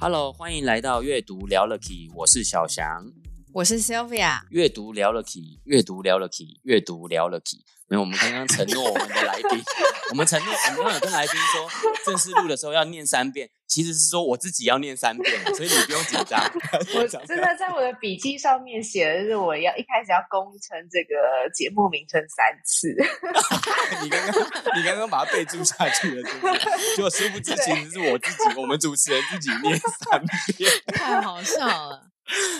Hello，歡迎來到閱讀聊樂 KEY，我是小翔。我是 Sylvia，閱讀聊樂 KEY，閱讀聊樂 KEY，閱讀聊樂 KEY。沒有，我們剛剛承諾我們的來賓， 我們承諾，我們剛剛有跟來賓說，正式錄的時候要念三遍，其實是說我自己要念三遍，所以你不用緊張。 我真的在我的筆記上面寫的，就是我要一開始要攻稱這個節目名稱三次。 你剛剛你剛剛把它備註下去了是是， 結果殊不知，其實是我自己，對我們主持人自己念三遍。太 好笑了啊。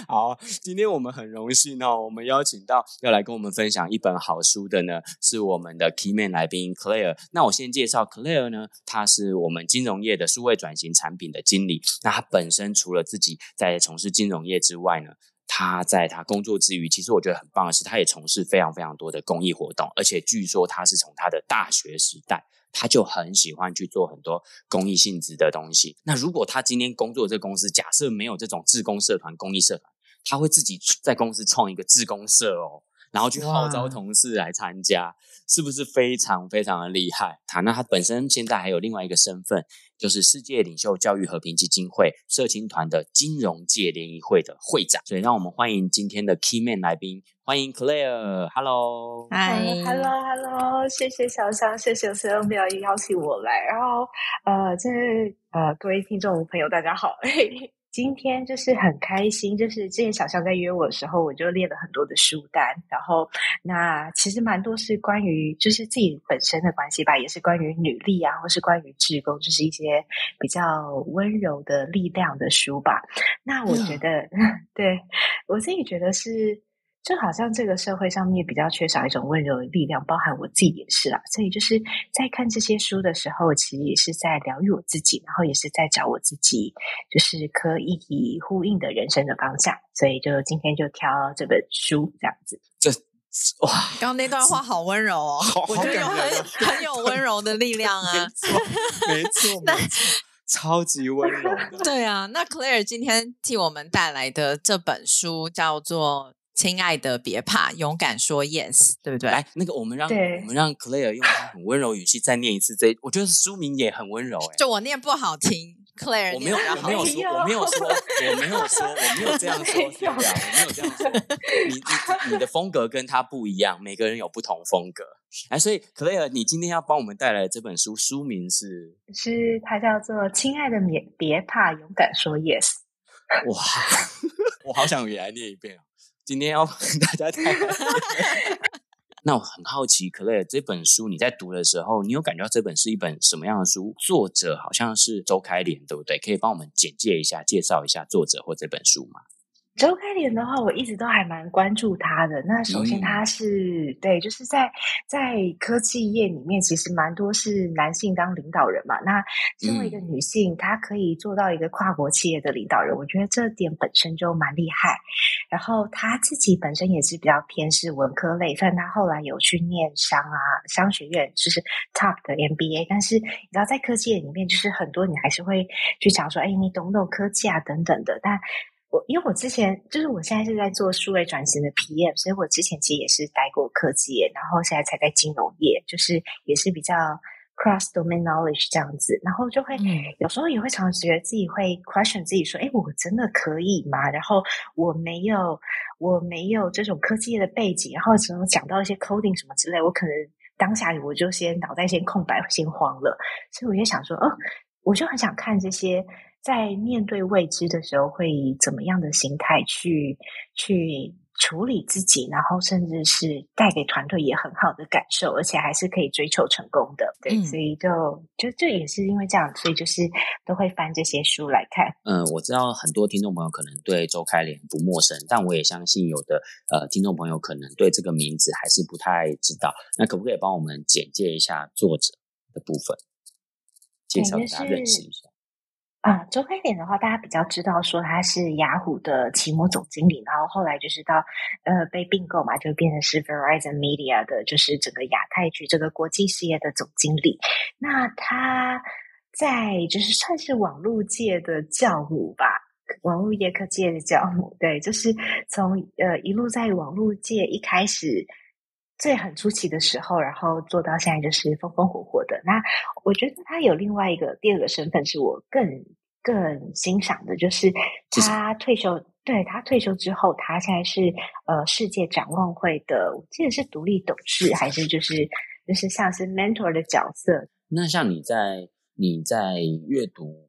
好，今天我們很榮幸哦，我們邀請到要來跟我們分享一本好書的呢，是我們的 Keyman 來賓 Claire。那我先介紹 Claire 呢，她是我們金融業的數位轉型產品的經理。那她本身除了自己在從事金融業之外呢，她在她工作之餘，其實我覺得很棒的是，她也從事非常非常多的公益活動，而且據說她是從她的大學時代，他就很喜歡去做很多公益性質的東西。那如果他今天工作的這個公司，假設沒有這種志工社團、公益社團，他會自己在公司創一個志工社哦。然後去號召同事來參加，哇是不是非常非常的厲害？他、啊、那他本身現在還有另外一個身份，就是世界領袖教育和平基金會社青團的金融界聯誼會的會長。所以讓我們歡迎今天的 Keyman 來賓，歡迎 Claire，Hello，嗨，Hello，Hello，hello, 謝謝小尚，謝謝 Clement 邀請我來。然後呃，就是呃，各位聽眾朋友，大家好。 今天就是很開心，就是之前小象在約我的時候，我就列了很多的書單。然後，那其實蠻多是關於就是自己本身的關係吧，也是關於女力啊，或是關於志工，就是一些比較溫柔的力量的書吧。那我覺得，嗯、 對我自己覺得是。就好像這個社會上面比較缺少一種溫柔的力量，包含我自己也是啦、啊。所以就是在看這些書的時候，其實也是在療癒我自己，然後也是在找我自己，就是可以以呼應的人生的方向。所以就今天就挑這本書這樣子。這哇，剛剛那段話好溫柔哦，我覺得有很，很有溫柔的力量啊，沒錯，沒錯 那超級溫柔的。對啊，那 Claire 今天替我們帶來的這本書叫做。親愛的，別怕，勇敢說 yes，對不對？來，那個我們讓對我們讓 Claire 用他很溫柔語氣再念一次這，我覺得書名也很溫柔欸。就我念不好聽，Claire，我沒有，我沒有說，沒有我沒有說，我沒有說，我沒有這樣說，沒有，是這樣，我沒有這樣說。你你你的風格跟他不一樣，每個人有不同風格。哎，所以 Claire，你今天要幫我們帶來的這本書書名是是它叫做《親愛的，別別怕，勇敢說 yes》。哇，我好想也來念一遍啊！今天要跟 大家談。 那我很好奇，Claire，這本書你在讀的時候，你有感覺到這本是一本什麼樣的書？作者好像是鄒開蓮，對不對？可以幫我們簡介一下，介紹一下作者或這本書嗎？鄒開蓮的話，我一直都還蠻關注他的。那首先他是易對，就是在在科技業裡面，其實蠻多是男性當領導人嘛。那作為一個女性，她、嗯、可以做到一個跨國企業的領導人，我覺得這點本身就蠻厲害。然後她自己本身也是比較偏是文科類，雖然她後來有去念商啊，商學院就是 Top 的 MBA，但是你知道在科技業裡面，就是很多你還是會去講說，哎，你懂不懂科技啊等等的，但。我因為我之前就是我現在是在做數位轉型的 PM，所以我之前其實也是待過科技，然後現在才在金融業，就是也是比較 cross domain knowledge 這樣子，然後就會、嗯、有時候也會常常覺得自己會 question 自己說，誒，我真的可以嗎？然後我沒有，我沒有這種科技的背景，然後只能講到一些 coding 什麼之類，我可能當下我就先腦袋先空白，先慌了，所以我就想說，哦，我就很想看這些。在面對未知的時候，會以怎麼樣的心態去去處理自己，然後甚至是帶給團隊也很好的感受，而且還是可以追求成功的。對，嗯、所以就就這也是因為這樣，所以就是都會翻這些書來看。嗯，我知道很多聽眾朋友可能對鄒開蓮不陌生，但我也相信有的呃聽眾朋友可能對這個名字還是不太知道。那可不可以幫我們簡介一下作者的部分，介紹給大家認識一下？啊，鄒開蓮的話，大家比較知道說他是雅虎的奇摩總經理，然後後來就是到呃被併購嘛，就變成是 Verizon Media 的，就是整個亞太區這個國際事業的總經理。那他在就是算是網絡界的教母吧，網絡業科技的教母，對，就是從呃一路在網絡界一開始。最很初期的時候，然後做到現在就是風風火火的。那我覺得他有另外一個第二個身份，是我更更欣賞的，就是他退休，是對，他退休之後，他現在是呃世界展望會的，我記得是獨立董事，還是就是就是像是 mentor 的角色。那像你在你在閱讀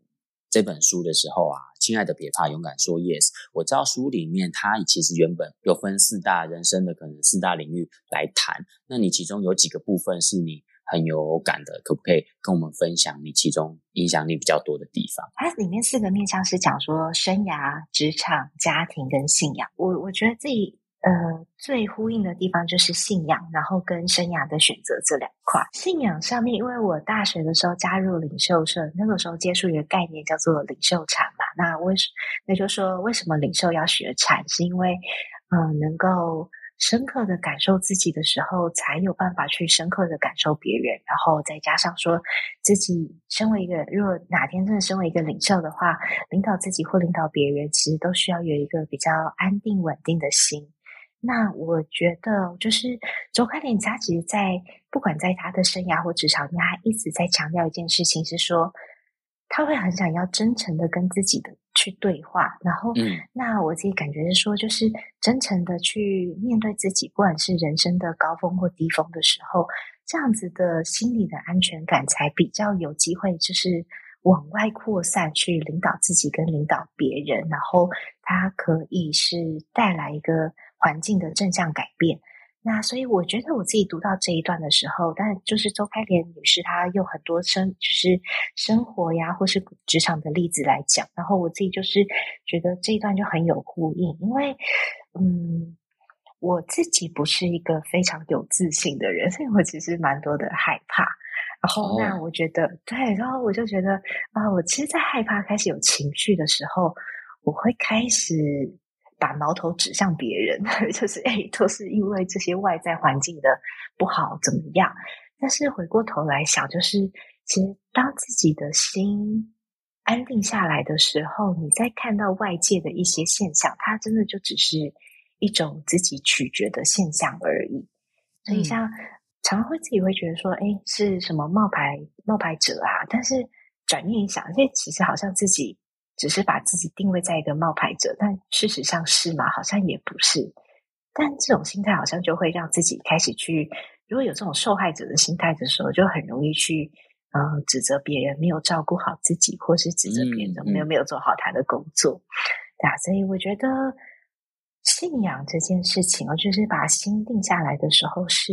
這本書的時候啊。親愛的，別怕，勇敢說 yes。我知道書裡面，它其實原本有分四大人生的可能四大領域來談。那你其中有幾個部分是你很有感的，可不可以跟我們分享你其中影響力比較多的地方？它、啊、裡面四個面向是講說生涯、職場、家庭跟信仰。我我覺得自己，呃，最呼應的地方就是信仰，然後跟生涯的選擇這兩塊。信仰上面，因為我大學的時候加入領袖社，那個時候接觸一個概念叫做領袖禪嘛。那為那就說，為什麼領袖要學禪？是因為，嗯、呃，能夠深刻的感受自己的時候，才有辦法去深刻的感受別人。然後再加上說自己身為一個，如果哪天真的身為一個領袖的話，領導自己或領導別人，其實都需要有一個比較安定穩定的心。那我覺得，就是鄒開蓮，她，其實，在不管在他的生涯或職場，他一直在強調一件事情，是說他會很想要真誠的跟自己的去對話。然後，嗯，那我自己感覺是說，就是真誠的去面對自己，不管是人生的高峰或低峰的時候，這樣子的心理的安全感才比較有機會，就是往外擴散去領導自己跟領導別人。然後，它可以是帶來一個。環境的正向改變，那所以我覺得我自己讀到這一段的時候，但就是鄒開蓮女士她用很多生就是生活呀，或是職場的例子來講，然後我自己就是覺得這一段就很有呼應，因為嗯，我自己不是一個非常有自信的人，所以我其實蠻多的害怕，然後那我覺得、oh. 對，然後我就覺得啊，我其實在害怕開始有情緒的時候，我會開始。把矛頭指向別人，就是哎，都是因為這些外在環境的不好，怎麼樣？但是回過頭來想，就是其實當自己的心安定下來的時候，你再看到外界的一些現象，它真的就只是一種自己取決的現象而已。所以像，像、嗯、常會自己會覺得說，哎，是什麼冒牌冒牌者啊？但是轉念一想，這其實好像自己。只是把自己定位在一個冒牌者，但事實上是嗎？好像也不是。但這種心態好像就會讓自己開始去，如果有這種受害者的心態的時候，就很容易去，嗯，呃，指責別人沒有照顧好自己，或是指責別人沒有沒有做好他的工作。啊，嗯，嗯，所以我覺得信仰這件事情啊，就是把心定下來的時候，是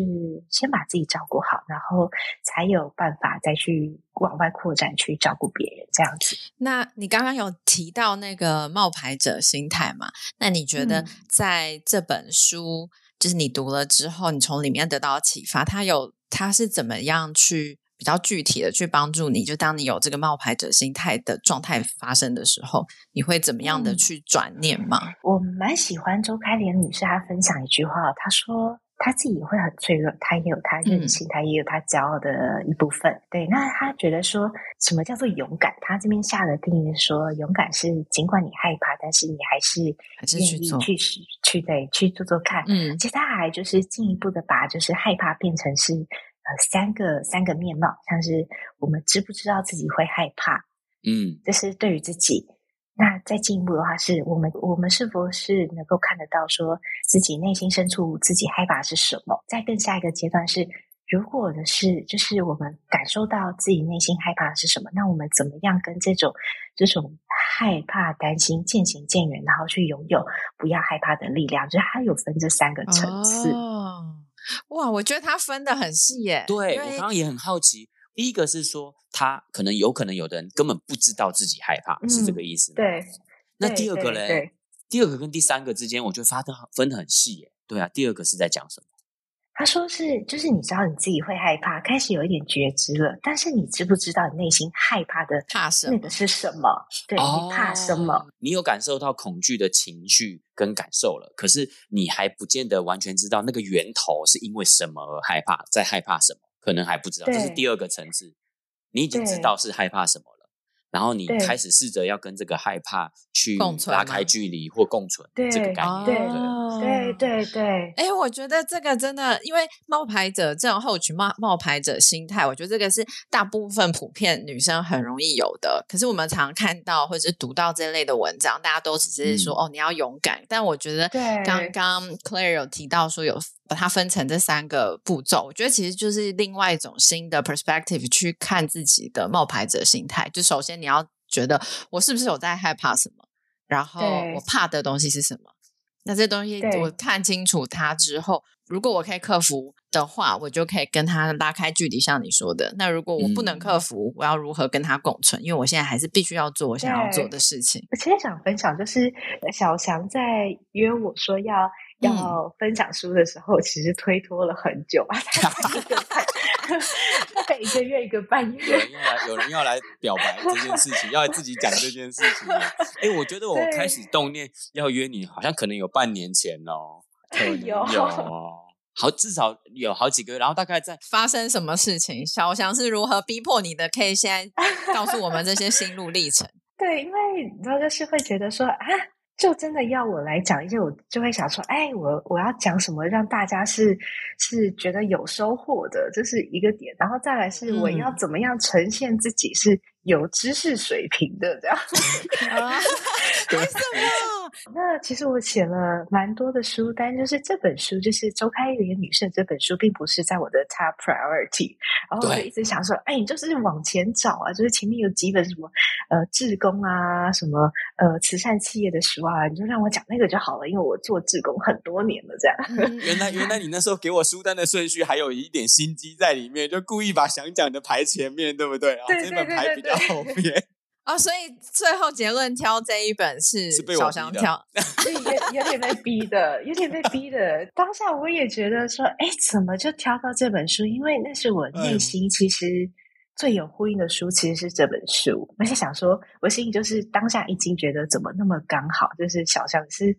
先把自己照顧好，然後才有辦法再去往外擴展去照顧別人。這樣子，那你剛剛有提到那個冒牌者心態嘛，那你覺得在這本書，嗯，就是你讀了之後，你從裡面得到啟發，他有他是怎麼樣去比較具體的去幫助你，就當你有這個冒牌者心態的狀態發生的時候，你會怎麼樣的去轉念嗎？我蠻喜歡鄒開蓮女士她分享一句話，她說。他自己也會很脆弱，他也有他任性，嗯、他也有他驕傲的一部分。對，那他覺得說、嗯、什麼叫做勇敢？他這邊下的定義說，勇敢是儘管你害怕，但是你還是願意去去，去對去做做看。嗯，其實他還就是進一步的把就是害怕變成是呃三個三個面貌，像是我們知不知道自己會害怕？嗯，這是對於自己。那再進一步的話，是我們我們是否是能夠看得到，說自己內心深處自己害怕是什麼？再更下一個階段是，如果的是就是我們感受到自己內心害怕是什麼，那我們怎麼樣跟這種這種害怕擔心漸行漸遠，然後去擁有不要害怕的力量？就是它有分這三個層次，哦、哇，我覺得它分得很細耶。對，為我剛剛也很好奇。第一個是說，他可能有可能有的人根本不知道自己害怕，嗯、是這個意思嗎？對。那第二個呢？對對對，第二個跟第三個之間，我覺得發的分的很細耶。對啊，第二個是在講什麼？他說是，就是你知道你自己會害怕，開始有一點覺知了，但是你知不知道你內心害怕的怕什麼？那個是什麼？對，怕什麼？你怕什麼？哦，你有感受到恐懼的情緒跟感受了，可是你還不見得完全知道那個源頭是因為什麼而害怕，在害怕什麼？可能還不知道，這對是第二個層次。你已經知道是害怕什麼了，對然後你開始試着要跟這個害怕去拉開距離或共存的這個概念。對對對哦、對對對，哎、欸，我覺得這個真的，因為冒牌者這種後取冒冒牌者心態，我覺得這個是大部分普遍女生很容易有的。可是我們常看到或者是讀到這類的文章，大家都只是說、嗯、哦，你要勇敢。但我覺得剛，對剛剛 Claire 有提到說，有把它分成這三個步驟，我覺得其實就是另外一種新的 perspective 去看自己的冒牌者心態。就首先你要覺得我是不是有在害怕什麼，然後我怕的東西是什麼。那這東西我看清楚它之後，對如果我可以克服的話，我就可以跟他拉開距離，像你說的。那如果我不能克服，嗯、我要如何跟他共存？因為我現在還是必須要做我想要做的事情。我其實想分享，就是小翔在約我說要，要分享書的時候，嗯、其實推脫了很久啊，大概一個一 個月一個半月有人要來。有人要來表白這件事情， 要來自己講這件事情，啊。哎，欸，我覺得我開始動念要約你，好像可能有半年前哦。可有啊，有好至少有好幾個月，然後大概在發生什麼事情，小翔是如何逼迫你的？可以先告訴我們這些心路歷程？ 對，因為然後就是會覺得說啊。就真的要我來講一些，因為我就會想說，哎，我我要講什麼讓大家是是覺得有收穫的，這是一個點。然後再來是我要怎麼樣呈現自己是有知識水平的，這樣啊，為什麼？那其實我寫了蠻多的書單，就是這本書，就是鄒開蓮女士這本書，並不是在我的 Top Priority。然後我就一直想說，對哎，你就是往前找啊，就是前面有幾本什麼呃，志工啊，什麼呃，慈善企業的書啊，你就讓我講那個就好了，因為我做志工很多年了。這樣，嗯、原來原來你那時候給我書單的順序還有一點心機在裡面，就故意把想講的排前面，對不對、啊？然後這本排比較後面。 啊、哦，所以最後結論挑這一本是小香挑，所以也有點被逼的， 有點被逼的。當下我也覺得說，哎、欸，怎麼就挑到這本書？因為那是我內心其實最有呼應的書，其實是這本書。我是想說，我心裡就是當下已經覺得怎麼那麼剛好，就是小香是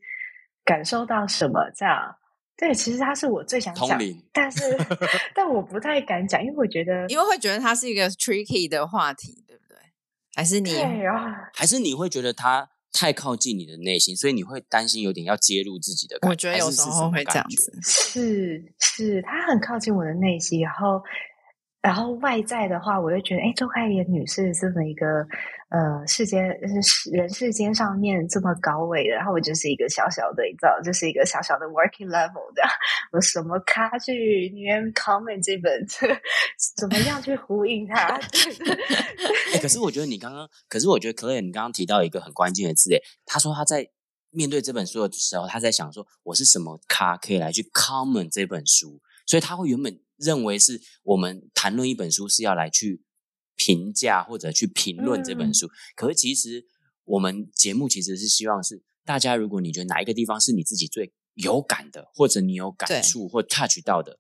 感受到什麼這樣？對，其實它是我最想講，同理 但是 但我不太敢講，因為我覺得因為會覺得它是一個 tricky 的話題，對不對？還是你，啊、還是你會覺得他太靠近你的內心，所以你會擔心有點要揭露自己的感覺。我覺得有時候會這樣子，是是，子是，是，他很靠近我的內心，然後。然後外在的話，我就覺得，哎，鄒開蓮女士這麼一個，呃，世間就是人世間上面這麼高位的，然後我就是一個小小的，你知道，就是一個小小的 working level 的，我什麼咖去裡面 comment 這本，怎麼樣去呼應它、？ 欸？可是我覺得你剛剛，可是我覺得，Claire 你剛剛提到一個很關鍵的字，哎，他說他在面對這本書的時候，他在想說我是什麼咖可以來去 comment 這本書，所以他會原本。認為是我們談論一本書是要來去評價或者去評論這本書，嗯、可是其實我們節目其實是希望是大家，如果你覺得哪一個地方是你自己最有感的，或者你有感觸或 touch 到的，對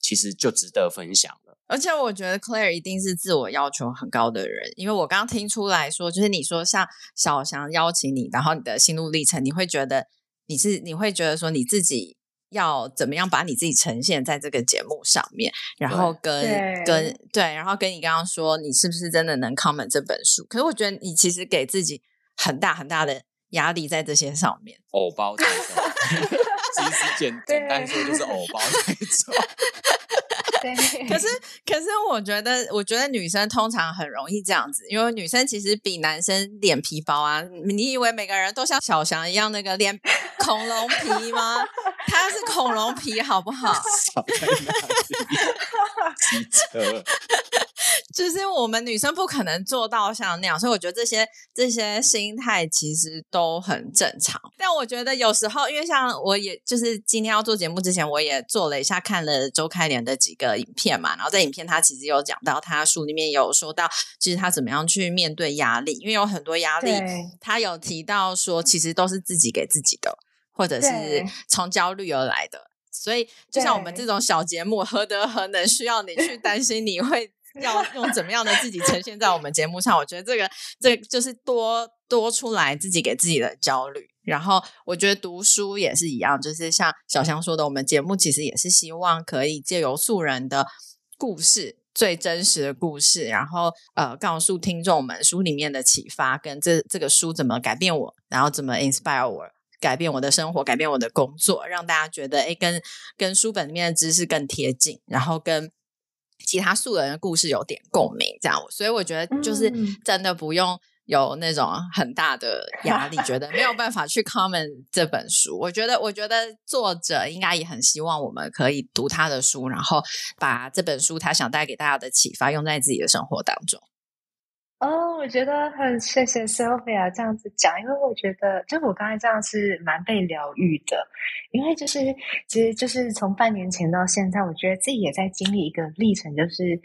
其實就值得分享了。而且我覺得 Claire 一定是自我要求很高的人，因為我剛剛聽出來說，就是你說像小翔邀請你，然後你的心路歷程，你會覺得你是你會覺得說你自己。要怎麼樣把你自己呈現在這個節目上面，然後跟對跟對，然後跟你剛剛說，你是不是真的能 comment 這本書？可是我覺得你其實給自己很大很大的壓力在這些上面。偶包這種， 其實簡簡單說就是偶包這種。對 對可是，可是，我覺得，我覺得女生通常很容易這樣子，因為女生其實比男生臉皮薄啊。你以為每個人都像小翔一樣那個臉恐龍皮嗎？他是恐龍皮，好不好？哈哈哈！ 就是我們女生不可能做到像那樣，所以我覺得這些這些心態其實都很正常。但我覺得有時候，因為像我也，也就是今天要做節目之前，我也做了一下看了鄒開蓮的幾個影片嘛。然後在影片他其實有講到，他書裡面有說到，其實他怎麼樣去面對壓力，因為有很多壓力，他對有提到說，其實都是自己給自己的，或者是從焦慮而來的。對所以就像我們這種小節目，何德何能需要你去擔心你會？要用怎麼樣的自己呈現在我們節目上？ 我覺得這個，這個就是多多出來自己給自己的焦慮。然後我覺得讀書也是一樣，就是像小香說的，我們節目其實也是希望可以借由素人的故事，最真實的故事，然後呃，告訴聽眾們書裡面的啟發跟這這個書怎麼改變我，然後怎麼 inspire 我，改變我的生活，改變我的工作，讓大家覺得誒跟跟書本裡面的知識更貼近，然後跟其他素人的故事有點共鳴，這樣，所以我覺得就是真的不用有那種很大的壓力，覺得沒有辦法去 comment 這本書。我覺得，我覺得作者應該也很希望我們可以讀他的書，然後把這本書他想帶給大家的啟發用在自己的生活當中。哦，oh, 我覺得很謝謝 Sophia 這樣子講，因為我覺得，就我剛才這樣是蠻被療癒的，因為就是，其實就是從半年前到現在，我覺得自己也在經歷一個歷程，就是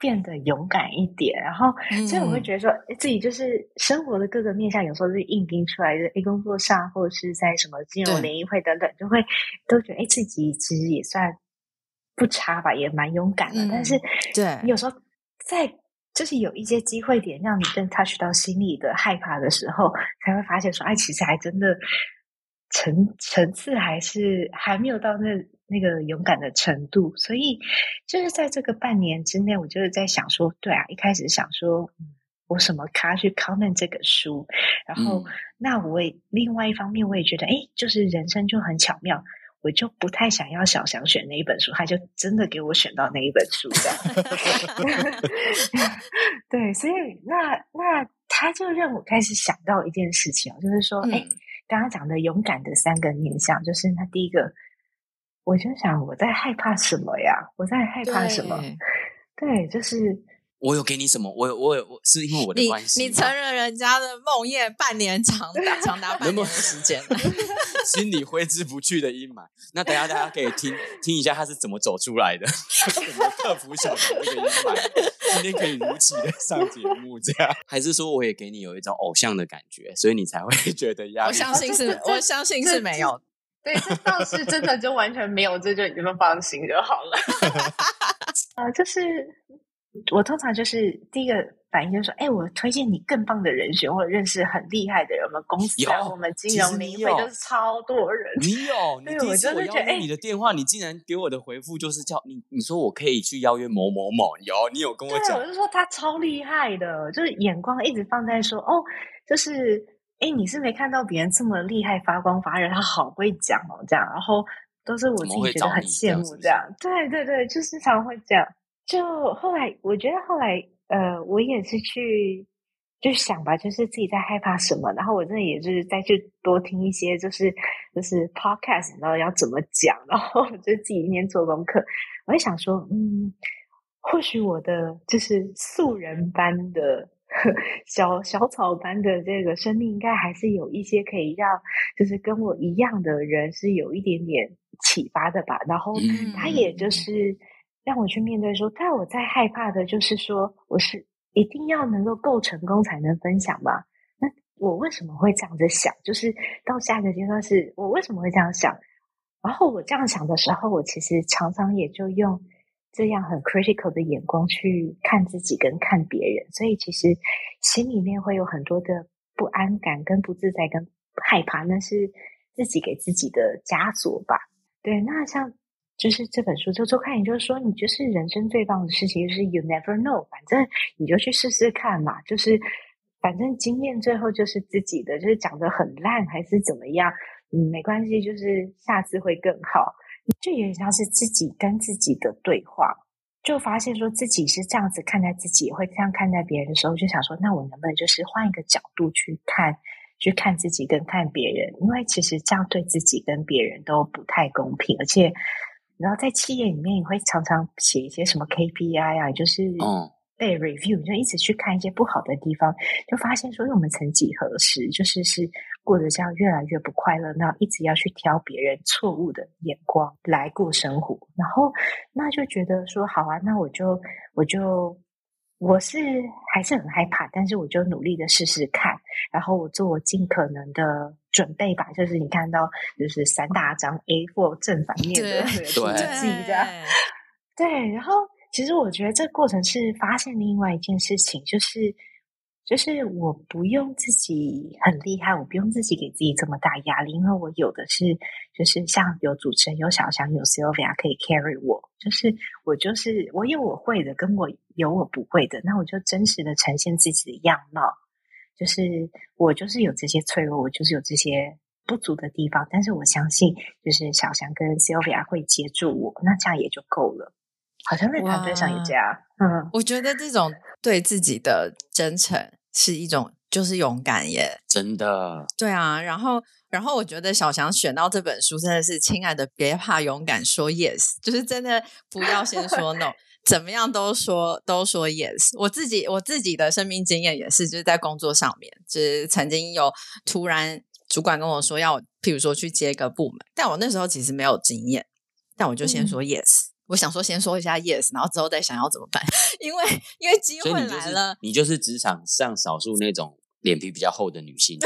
變得勇敢一點。然後，所以我會覺得說，嗯、自己就是生活的各個面向，有時候是硬拼出來的，就是、工作上或者是在什麼金融聯誼會等等，對就會都覺得、哎，自己其實也算不差吧，也蠻勇敢的。嗯、但是，對你有時候在。就是有一些機會點，讓你更 touch 到心裡的害怕的時候，才會發現說，哎，其實還真的層層次還是還沒有到那那個勇敢的程度。所以，就是在這個半年之內，我就是在想說，對啊，一開始想說我什麼咖去 comment 這個書，然後、嗯、那我也另外一方面，我也覺得，哎，就是人生就很巧妙。我就不太想要小翔選哪一本書，他就真的給我選到那一本書的。 對，所以那那他就讓我開始想到一件事情，就是說，哎、嗯，剛剛講的勇敢的三個面向，就是他第一個，我就想我在害怕什麼呀？我在害怕什麼？對，對，就是。我有給你什麼？我有，我有，我是因為我的關係你。你承認人家的夢魘半年長達長達半年時間了， 心裡揮之不去的陰霾。那等下大家可以聽聽一下他是怎麼走出來的，是 怎麼克服小時候的陰霾。 今天可以如期的上節目這樣， 還是說我也給你有一種偶像的感覺，所以你才會覺得壓力？我相信是， 我相信是沒有的。對，這倒是真的就完全沒有，這就你們放心就好了。啊、 呃，就是。我通常就是第一個反應就是說，哎、欸，我推薦你更棒的人選，或者認識很厲害的人，我們公司，有然後我們金融聯誼會是超多人，你有對你第一次我邀你的電話，欸、你竟然給我的回復就是叫你，你說我可以去邀約某某某，有你有跟我講，我就說他超厲害的，就是眼光一直放在說，哦，就是哎、欸，你是沒看到別人這麼厲害發光發熱，他好會講哦，這樣，然後都是我自己覺得很羨慕你這樣是是，對對對，就是常會這樣。就後來，我覺得後來，呃，我也是去就是想吧，就是自己在害怕什麼。然後我這也就是再去多聽一些、就是，就是就是 podcast，然後要怎麼講。然後就自己一面做功課，我也想說，嗯，或許我的就是素人般的小小草般的這個生命，應該還是有一些可以讓就是跟我一樣的人是有一點點啟發的吧。然後他也就是。嗯讓我去面對，說，但我在害怕的，就是說，我是一定要能夠夠成功才能分享吧？那我為什麼會這樣子想？就是到下一個階段，是我為什麼會這樣想？然後我這樣想的時候，我其實常常也就用這樣很 critical 的眼光去看自己跟看別人，所以其實心裡面會有很多的不安感、跟不自在、跟害怕，那是自己給自己的枷鎖吧？對，那像。就是這本書，周周看，也就是說，你就是人生最棒的事情就是 you never know，反正你就去試試看嘛。就是反正經驗最後就是自己的，就是講得很爛還是怎麼樣，嗯，沒關係，就是下次會更好。這也像是自己跟自己的對話，就發現說自己是這樣子看待自己，也會這樣看待別人的時候，就想說，那我能不能就是換一個角度去看，去看自己跟看別人？因為其實這樣對自己跟別人都不太公平，而且。然後在企業裡面，也會常常寫一些什麼 KPI 啊，就是嗯被 review，就一直去看一些不好的地方，就發現說，我們曾幾何時，就是是過得這樣越來越不快樂，那一直要去挑別人錯誤的眼光來過生活，然後那就覺得說，好啊，那我就我就我是還是很害怕，但是我就努力的試試看，然後我做盡可能的。準備吧，就是你看到就是三大張 A 或正反面的記，對，然後其實我覺得這過程是發現另外一件事情，就是就是我不用自己很厲害，我不用自己給自己這麼大壓力，因為我有的是就是像有主持人有小翔有 Sylvia 可以 carry 我，就是我就是我有我會的，跟我有我不會的，那我就真實的呈現自己的樣貌。就是我就是有這些脆弱，我就是有這些不足的地方，但是我相信就是小翔跟 Sylvia 會接住我，那這樣也就夠了。好像在團隊上也這樣。哇嗯，我覺得這種對自己的真誠是一種，就是勇敢耶，真的。對啊，然後然後我覺得小翔選到這本書真的是親愛的，別怕勇敢說 yes，就是真的不要先說 no。 怎麼樣都說都說 yes，我自己我自己的生命經驗也是，就是在工作上面，就是、曾經有突然主管跟我說要，譬如說去接一個部門，但我那時候其實沒有經驗，但我就先說 yes，、嗯、我想說先說一下 yes，然後之後再想要怎麼辦，因為因為機會來了你、就是，你就是職場上少數那種臉皮比較厚的女性。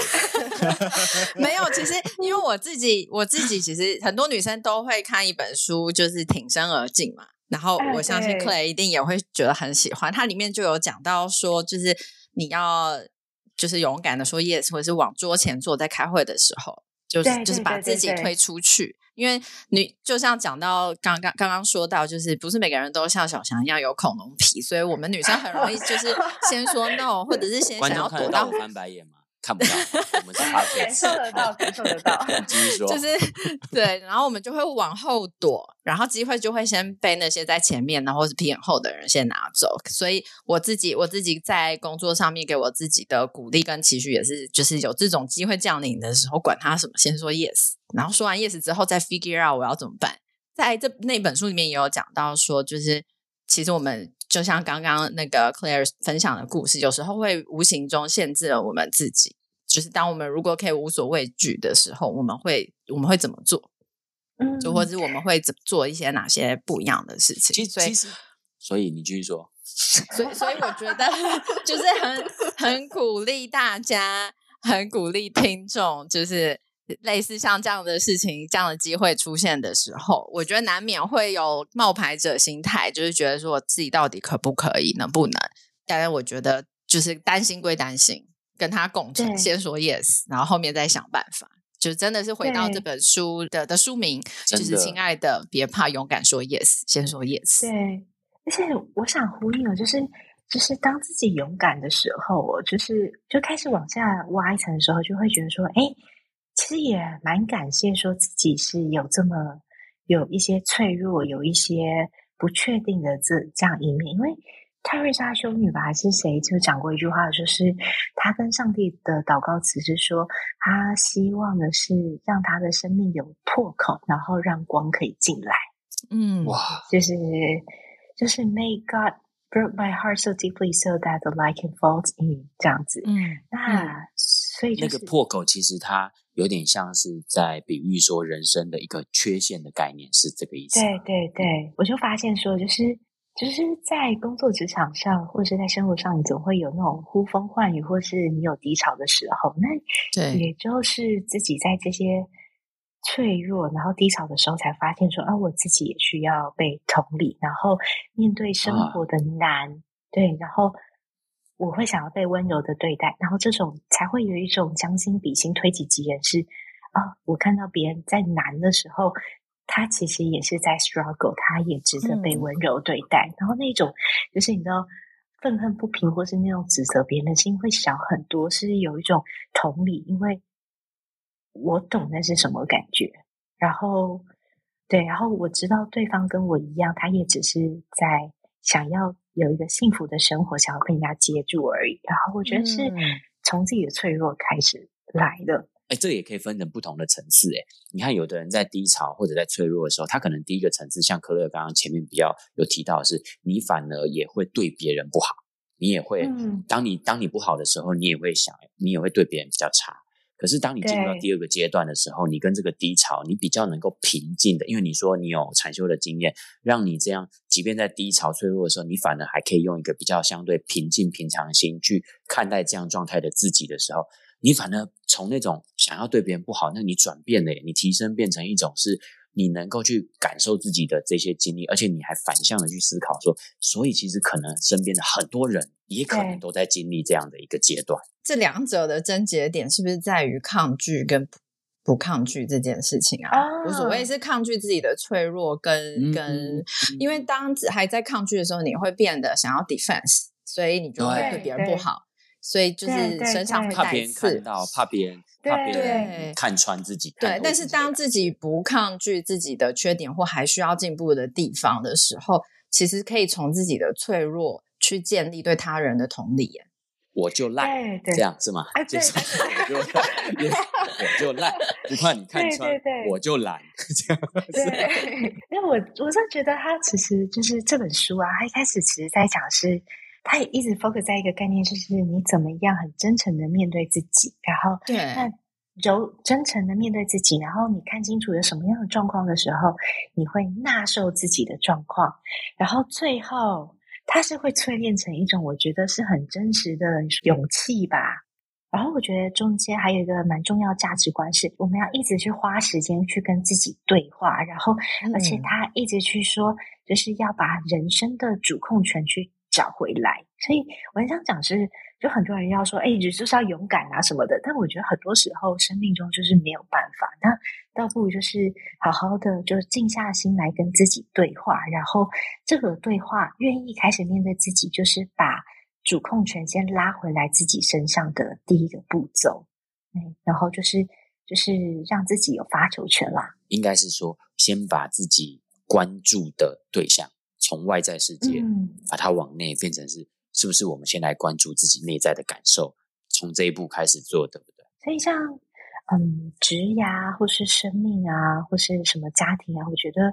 沒有，其實因為我自己我自己其實很多女生都會看一本書，就是挺身而進嘛。然後我相信 Claire 一定也會覺得很喜歡，它裡面就有講到說，就是你要就是勇敢的說 yes，或者是往桌前坐，在開會的時候，就是對對對對對，就是把自己推出去，因為你就像講到剛剛剛剛說到，就是不是每個人都像小強一樣有恐龍皮，所以我們女生很容易就是先說 no， 或者是先想要躲到，看到翻白眼嘛。看不到，我們察覺到，感受得到。繼續說，就是對，然後我們就會往後躲，然後機會就會先被那些在前面的或是皮很厚的人先拿走。所以我自己，我自己在工作上面給我自己的鼓勵跟期許，也是就是有這種機會降臨的時候，管他什麼，先說 yes，然後說完 yes 之後再 figure out 我要怎麼辦。在這那本書裡面也有講到說，就是其實我們。就像剛剛那個 Claire 分享的故事，有時候會無形中限制了我們自己。就是當我們如果可以無所畏懼的時候，我們會我們會怎麼做？嗯、就或者我們會怎麼做一些哪些不一樣的事情？其實，所以，所以你繼續說。所以，所以我覺得就是很很鼓勵大家，很鼓勵聽眾，就是。類似像這樣的事情，這樣的機會出現的時候，我覺得難免會有冒牌者心態，就是覺得說自己到底可不可以，能不能？當然，我覺得就是擔心歸擔心，跟他共存，對先說 yes，然後後面再想辦法。就真的是回到這本書的對的書名，就是“親愛的，別怕，勇敢說 yes”，先說 yes。對，而且我想呼應了，就是就是當自己勇敢的時候，就是就開始往下挖一層的時候，就會覺得說，哎、欸。其實也蠻感謝，說自己是有這麼有一些脆弱、有一些不確定的這這樣一面。因為泰瑞莎修女吧，還是誰就講過一句話，就是他跟上帝的禱告詞是說，他希望的是讓他的生命有破口，然後讓光可以進來。嗯，就是、哇，就是就是 May God broke my heart so deeply, so that the light can fall in 這樣子。嗯，那嗯所以、就是、那個破口其實他。有點像是在比喻說人生的一個缺陷的概念，是這個意思對。對對對，我就發現說，就是就是在工作職場上，或者是在生活上，你總會有那種呼風喚雨，或是你有低潮的時候。那也就是自己在這些脆弱，然後低潮的時候，才發現說，啊，我自己也需要被同理，然後面對生活的難，啊、對，然後。我會想要被溫柔的對待，然後這種才會有一種將心比心、推己及人。是啊，我看到別人在難的時候，他其實也是在 struggle，他也值得被溫柔對待。嗯。然後那種就是你知道憤恨不平或是那種指責別人的心會小很多，是有一種同理，因為我懂那是什麼感覺。然後對，然後我知道對方跟我一樣，他也只是在想要。有一個幸福的生活，想要跟人家接住而已。然後我覺得是從自己的脆弱開始來的。哎、嗯，這也可以分成不同的層次。哎，你看，有的人在低潮或者在脆弱的時候，他可能第一個層次，像 Claire 剛剛前面比較有提到的是，你反而也會對別人不好，你也會。嗯、當你當你不好的時候，你也會想，你也會對別人比較差。可是，當你進入到第二個階段的時候，對你跟這個低潮，你比較能夠平靜的，因為你說你有禪修的經驗，讓你這樣，即便在低潮脆弱的時候，你反而還可以用一個比較相對平靜平常心去看待這樣狀態的自己的時候，你反而從那種想要對別人不好，那你轉變了，你提升變成一種是你能夠去感受自己的這些經歷，而且你還反向的去思考說，所以其實可能身邊的很多人也可能都在經歷這樣的一個階段。這兩者的症結點是不是在於抗拒跟不抗拒這件事情啊？無所謂是抗拒自己的脆弱跟，嗯、跟跟、嗯、因為當還在抗拒的時候，你會變得想要 defense，所以你就會對別人不好，所以就是身上帶刺，怕別人看到，怕別人怕別人看穿自己。對，但是當自己不抗拒自己的缺點或還需要進步的地方的時候，其實可以從自己的脆弱去建立對他人的同理。我就爛，對對，這樣是嗎？啊，對， 我就爛 yes, 我就爛， 不怕你看穿。對對對，我就爛，這樣對是嗎。那我我是覺得他其實就是這本書啊，他一開始其實在講是，他也一直 focus 在一個概念，就是你怎麼樣很真誠的面對自己，然後對，那柔真誠的面對自己，然後你看清楚有什麼樣的狀況的時候，你會納受自己的狀況，然後最後。他是會淬煉成一種，我覺得是很真實的勇氣吧。然後我覺得中間還有一個蠻重要價值觀，是我們要一直去花時間去跟自己對話。然後，而且他一直去說，就是要把人生的主控權去找回來。所以，我很想講是。就很多人要說，哎，就是要勇敢啊什麼的。但我覺得很多時候，生命中就是沒有辦法。那倒不如就是好好的，就靜下心來跟自己對話，然後這個對話願意開始面對自己，就是把主控權先拉回來自己身上的第一個步驟。嗯，然後就是就是讓自己有發球權啦。應該是說，先把自己關注的對象從外在世界，嗯，把它往內變成是。是不是我們先來關注自己內在的感受，從這一步開始做，對不對？所以像嗯，職業啊，或是生命啊，或是什麼家庭啊，我覺得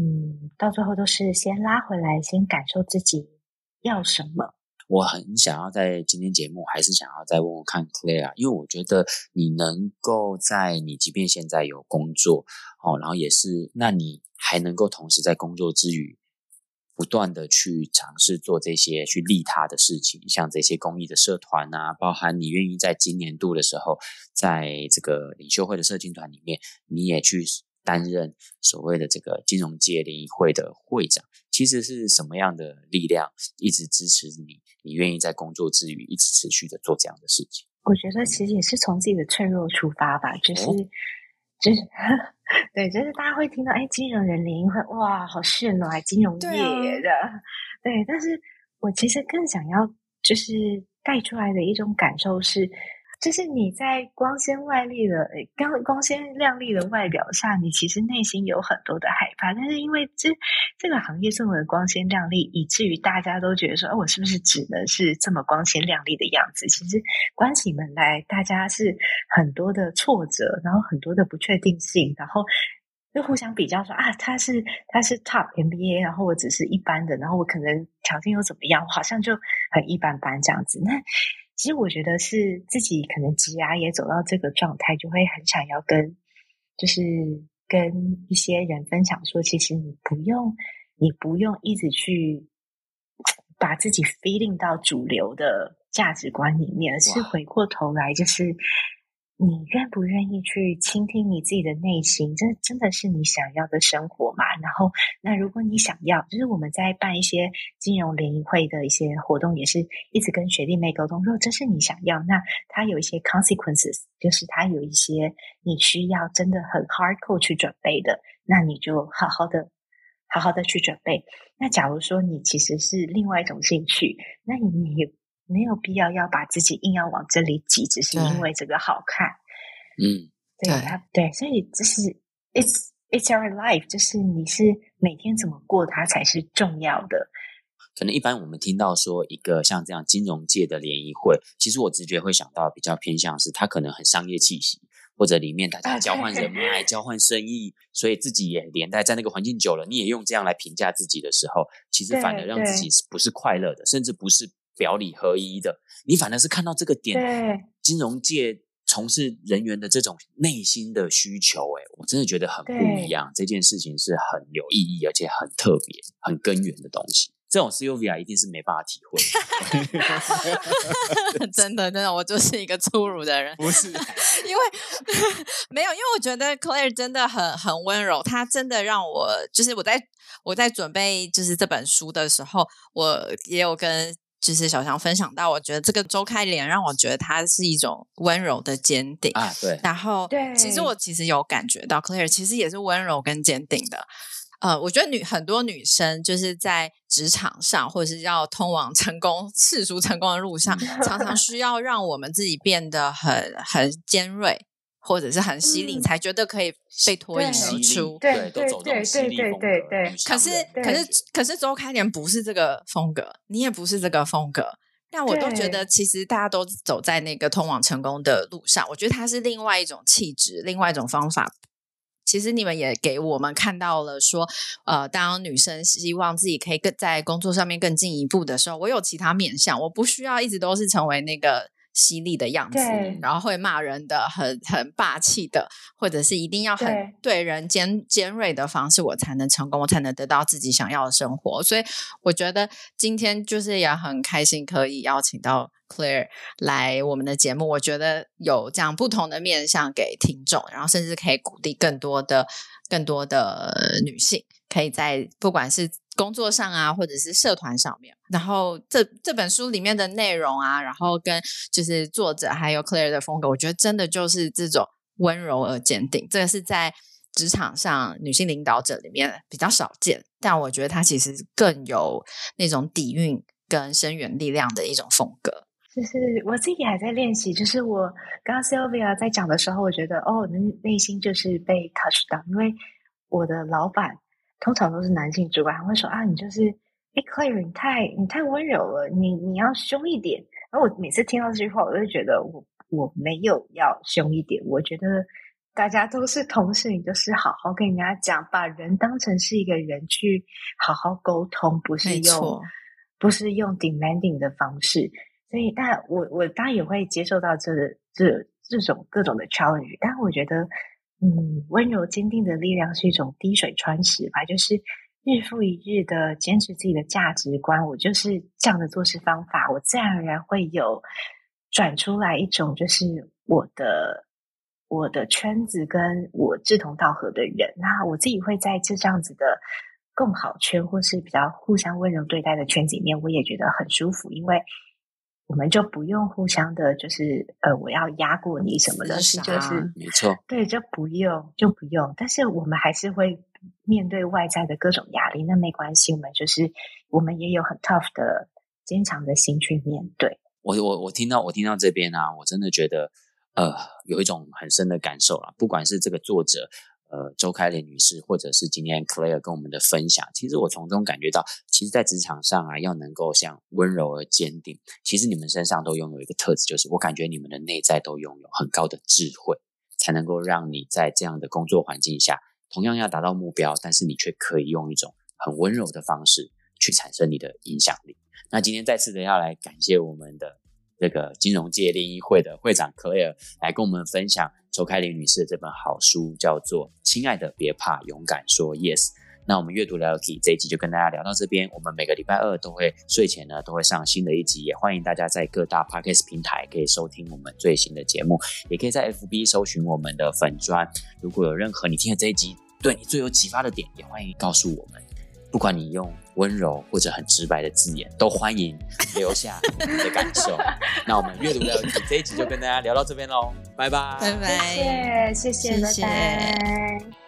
嗯，到最後都是先拉回來，先感受自己要什麼。我很想要在今天節目，還是想要再問問看 Claire，因為我覺得你能夠在你即便現在有工作哦，然後也是，那你還能夠同時在工作之餘。不斷的去嘗試做這些去利他的事情，像這些公益的社團啊，包含你願意在今年度的時候，在這個領袖會的社青團裡面，你也去擔任所謂的這個金融界聯誼會的會長。其實是什麼樣的力量一直支持你？你願意在工作之餘一直持續的做這樣的事情？我覺得其實也是從自己的脆弱出發吧，就是、哦、就是。對，就是大家會聽到，哎，金融人聯誼會，哇，好炫哦，還金融業的。對，啊、對，但是我其實更想要，就是帶出來的一種感受是。就是你在光鮮外力的光鮮亮麗的外表上，你其實內心有很多的害怕。但是因為這這個行業這麼的光鮮亮麗，以至於大家都覺得說：“呃，我是不是只能是這麼光鮮亮麗的樣子？”其實關起門來，大家是很多的挫折，然後很多的不確定性，然後就互相比較說：“啊，他是他是 Top MBA，然後我只是一般的，然後我可能條件又怎麼樣？我好像就很一般般這樣子。”那。其實我覺得是自己可能積壓也走到這個狀態，就會很想要跟，就是跟一些人分享說，其實你不用，你不用一直去把自己 feeling 到主流的價值觀裡面，而哇是回過頭來就是。你願不願意去傾聽你自己的內心？這真的是你想要的生活嗎？然後，那如果你想要，就是我們在辦一些金融聯誼會的一些活動，也是一直跟學弟妹溝通說這是你想要。那他有一些 consequences，就是他有一些你需要真的很 hardcore 去準備的。那你就好好的、好好的去準備。那假如說你其實是另外一種興趣，那你沒有必要要把自己硬要往這裡擠，只是因為這個好看。嗯嗯，對，對，他對，所以就是 it's it's our life，就是你是每天怎麼過，它才是重要的。可能一般我們聽到說一個像這樣金融界的聯誼會，其實我直覺會想到比較偏向是它可能很商業氣息，或者裡面大家交換人脈、Okay. 交換生意，所以自己也連帶在那個環境久了，你也用這樣來評價自己的時候，其實反而讓自己不是快樂的，對甚至不是表裡合一的。你反而是看到這個點，對金融界。從事人員的這種內心的需求，哎，我真的覺得很不一樣。對這件事情是很有意義，而且很特別、很根源的東西。這種 Covia 一定是沒辦法體會。真的，真的，我就是一個粗魯的人。不是， 因為 沒有，因為我覺得 Claire 真的很很溫柔，她真的讓我，就是我在我在準備就是這本書的時候，我也有跟。就是小強分享到，我覺得這個鄒開蓮讓我覺得她是一種溫柔的堅定啊，對，然後對，其實我其實有感覺到，Claire 其實也是溫柔跟堅定的，呃，我覺得女很多女生就是在職場上，或者是要通往成功世俗成功的路上， 常常需要讓我們自己變得很很尖銳。或者是很犀利，嗯、才覺得可以被脫穎而出、嗯。對，對對都走這種犀利風格。對對對對可是，可是，可是，鄒開蓮不是這個風格，你也不是這個風格。但我都覺得，其實大家都走在那個通往成功的路上。對我覺得他是另外一種氣質，另外一種方法。其實你們也給我們看到了說，說呃，當女生希望自己可以更在工作上面更進一步的時候，我有其他面向，我不需要一直都是成為那個。犀利的樣子，對然後會罵人的，很很霸氣的，或者是一定要很對人尖對尖銳的方式，我才能成功，我才能得到自己想要的生活。所以我覺得今天就是也很開心，可以邀請到 Claire 來我們的節目。我覺得有這樣不同的面向給聽眾，然後甚至可以鼓勵更多的、更多的女性，可以在不管是。工作上啊，或者是社團上面，然後這這本書裡面的內容啊，然後跟就是作者還有 Claire 的風格，我覺得真的就是這種溫柔而堅定，這個是在職場上女性領導者裡面比較少見。但我覺得她其實更有那種底蘊跟深遠力量的一種風格。就是我自己還在練習，就是我剛剛 Sylvia 在講的時候，我覺得哦，內內心就是被 touch 到，因為我的老闆。通常都是男性主管，他會說：“啊，你就是誒、欸、Claire 你太你太溫柔了，你你要兇一點。”然後我每次聽到這句話，我就覺得我我沒有要兇一點。我覺得大家都是同事，你就是好好跟人家講，把人當成是一個人去好好溝通，不是用沒錯。不是用 demanding 的方式。所以，當然我我當然也會接受到這這這種各種的 challenge，但我覺得。嗯，溫柔堅定的力量是一種滴水穿石吧，就是日復一日的堅持自己的價值觀。我就是這樣的做事方法，我自然而然會有轉出來一種，就是我的我的圈子跟我志同道合的人。那我自己會在就這樣子的共好圈，或是比較互相溫柔對待的圈子裡面，我也覺得很舒服，因為。我們就不用互相的，就是呃，我要壓過你什麼的。就是，就是沒錯，對，就不用，就不用。但是我們還是會面對外在的各種壓力，那沒關係，我們就是我們也有很 tough 的堅強的心去面對。我我我聽到我聽到這邊啊，我真的覺得呃，有一種很深的感受啊。不管是這個作者。呃，鄒開蓮女士，或者是今天 Claire 跟我們的分享，其實我從中感覺到，其實，在職場上啊，要能夠像溫柔而堅定，其實你們身上都擁有一個特質，就是我感覺你們的內在都擁有很高的智慧，才能夠讓你在這樣的工作環境下，同樣要達到目標，但是你卻可以用一種很溫柔的方式去產生你的影響力。那今天再次的要來感謝我們的。這個金融界聯誼會的會長柯 r 來跟我們分享周開林女士的這本好書，叫做《親愛的別怕，勇敢說 Yes》。那我們閱讀聊天這一集就跟大家聊到這邊。我們每個禮拜二都會睡前呢都會上新的一集，也歡迎大家在各大 podcast 平台可以收聽我們最新的節目，也可以在 FB 搜尋我們的粉磚。如果有任何你聽了這一集對你最有啟發的點，也歡迎告訴我們。不管你用。溫柔或者很直白的字眼都歡迎留下你的感受。 那我們閱讀的這一集就跟大家聊到這邊嘍，拜拜，bye bye，謝謝，謝謝，拜拜。